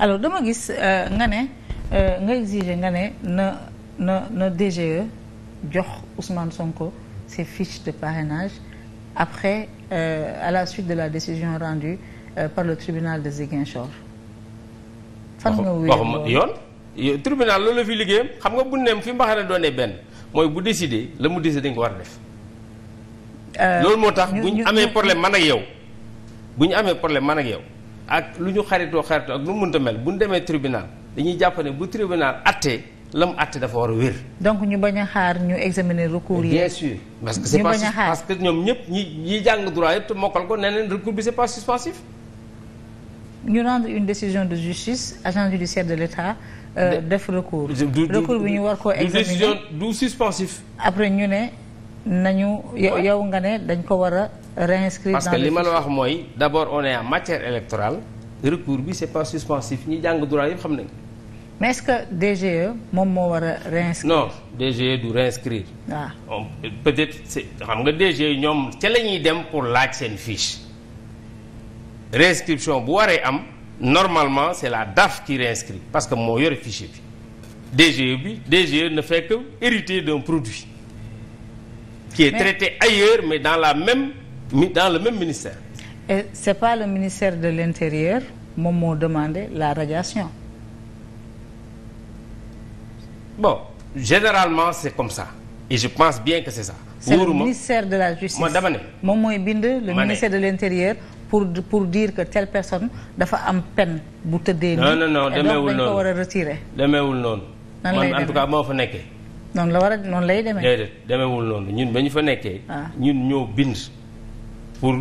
alors dama gis euh, nga ne euh, nga exiger nga ne na na DGE jox Ousmane Sonko ses fiches de parrainage après euh, à la suite de la décision rendue euh, par le tribunal de Ziguinchor. fan nga wéy yoon tribunal loolu la fi liggéeyam xam nga bu neem fi mbaxana doonee benn mooy bu décidé la mu décidé dañ ko war a def. loolu moo tax bu amee problème man ak yow bu ñu amee problème man ak yow. ak lu ñu xaritoo xaritoo ak lu mu mënta mel bu ñu demee tribunal dañuy jàpp ne bu tribunal attee la mu àtte dafa war a wér. donc ñu bañ a xaar ñu examiner recours yi. bien sûr parce que que ñoom ñëpp ñi ñi jàng droit yëpp te mokkal ko nee neen recours bi c'est pas suspensif. ñu rendre une décision de justice agent judiciaire de l'État euh, def recours. recours bi ñu war koo examiner du décision du suspensif. après ñu ne nañu yow nga ne dañ ko war a réinscrire parce que li ma la wax mooy d' abord on est en matière électorale recours bi c' est pas suspensif ñi jàng droit yëpp xam nañ mais est ce que DGE moom moo war a réinscrire non DGE du réinscrire waaw ah. peut être c'est xam nga DGE ñoom ca la ñuy dem pour laaj seen fiche réinscription bu waree am normalement c' est la DAF qui réinscrit parce que moo yore fichier bi DGE bi DGE ne fait que hériter d'un qui est traité ailleurs mais dans la même dans le même ministère. et c'est pas le ministère de l'intérieur moom moo demandé la radiation. bon généralement c'est comme ça et je pense bien que c'est ça. c'est le ministère de la justice dama moom mooy bind le ministère de l'intérieur pour pour dire que telle personne dafa am peine bu tëddee. non non non demeewul noonu war a retirer. demeewul noonu. man en tout cas moo fa nekkee. donc la war a noonu lay deme déedéet demewul noonu ñun ba ñu fa nekkee. Ah. ñun ñoo bind pour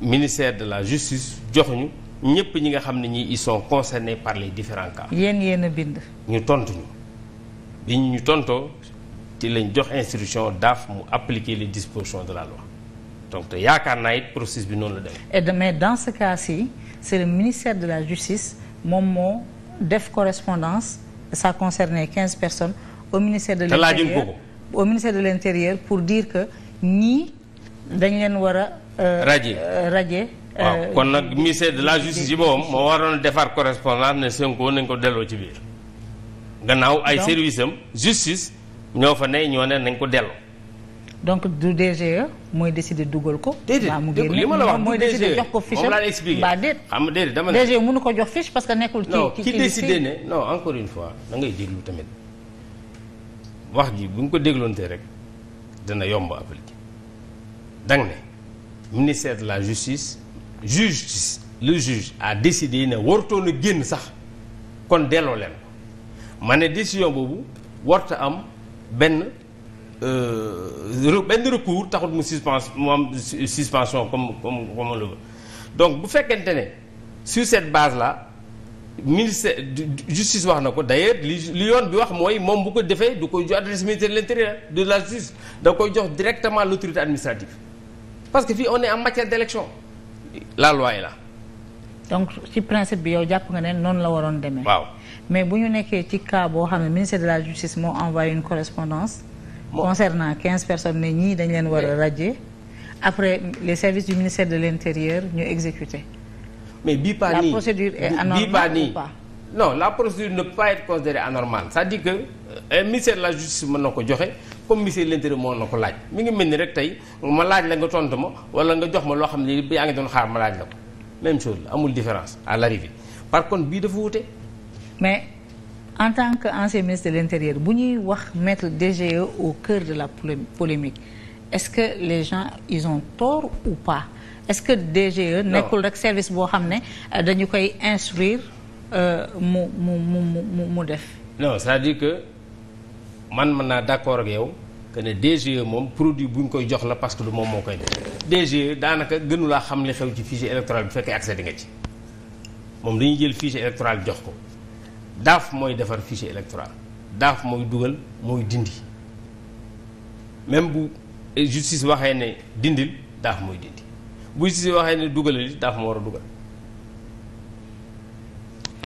ministère de la justice jox ñu ñëpp ñi nga xam ne ñi ils sont concernés par les différents cas. yéen a bind. ñu tontu ñu bi ñu tontoo ci lañ jox instruction daaf mu appliquer les dispositions de la loi donc te yaakaar naa it processus bi noonu la demee. et mais dans ce yi ci c'est le ministère de la justice moom moo def correspondance sa concernait quinze personnes. au ministère de l'intérieur au ministère de l'intérieur pour diir que ñii dañ leen war a. Euh, radier euh, radier. Euh, waaw kon nag ministère de la justice yi moom moo waroon defar correspondance ne Sonko nañ ko delloo ci biir. gannaaw ay service am justice ñoo fa ne ñoo neen nañ ko delloo. donc du DGE mooy décider dugal ko. déedéet li ma la wax e. jox ko fiche e jox fiche parce que nekkul. ci ci ne non encore une fois da déglu tamit. wax ji bu ñu ko dégloontee rek dana yomb appliqué dang ne ministère de la justice justice le juge a décidé ne wartoon a génn sax kon delloo leen ko ma ne décision boobu warta am benn euh, benn recours taxut mu suspense mu am suspension comme comme comme on donc bu fekkente ne sur cette base là ministère justice wax na ko d'ailleurs li yoon bi wax mooy moom bu ko defee du koy jox adresse ministère de de la justice da koy jox directement l'autorité administrative parce que fii on am en matière d'élection la loi la donc ci principe bi yow jàpp nga ne noonu la waroon demee. waaw mais bu ñu nekkee ci cas boo xam ne ministère de la justice moo envoyé une correspondance. Bon. concernant quinze personnes ne ñii dañ leen war a radier après les services du ministère de l'intérieur ñu exécuté. mais bii pas nii la procédure est anormale ou pas non la procédure ne pas être considérée anormale cest dire que euh, un la justice mën na ko joxe comme ministère de l'intérieur moo na ko laaj mi ngi mel ni rek tey ma laaj la nga tontu ma wala nga jox ma loo xam ne yaa ngi doon xaar ma laaj la ko même chose la amul différence à l'arrivée par contre bii dafa wute. mais en tant que ancien ministre de l'intérieur bu ñuy wax mettre DGE au cœur de la polémique est-ce que les gens ils ont tort ou pas est-ce que DGE nekkul rek service boo xam ne euh, dañu koy instruire euh, mu mu mu mu def non c'est-à-dire que man mën naa d'accord ak yow que ne DGE moom produit bu ñu koy jox la parce que du moom moo koy def DGE daanaka gënu laa xam li xew ci fichier électoral bi fekkee accès di nga ci moom dañuy jël fichier électoral jox ko daaf mooy defar fichier électoral daaf mooy dugal mooy dindi même bu justice waxee ne dindil daaf mooy dindi bu justice waxee ne dugalal daaf ma war a dugal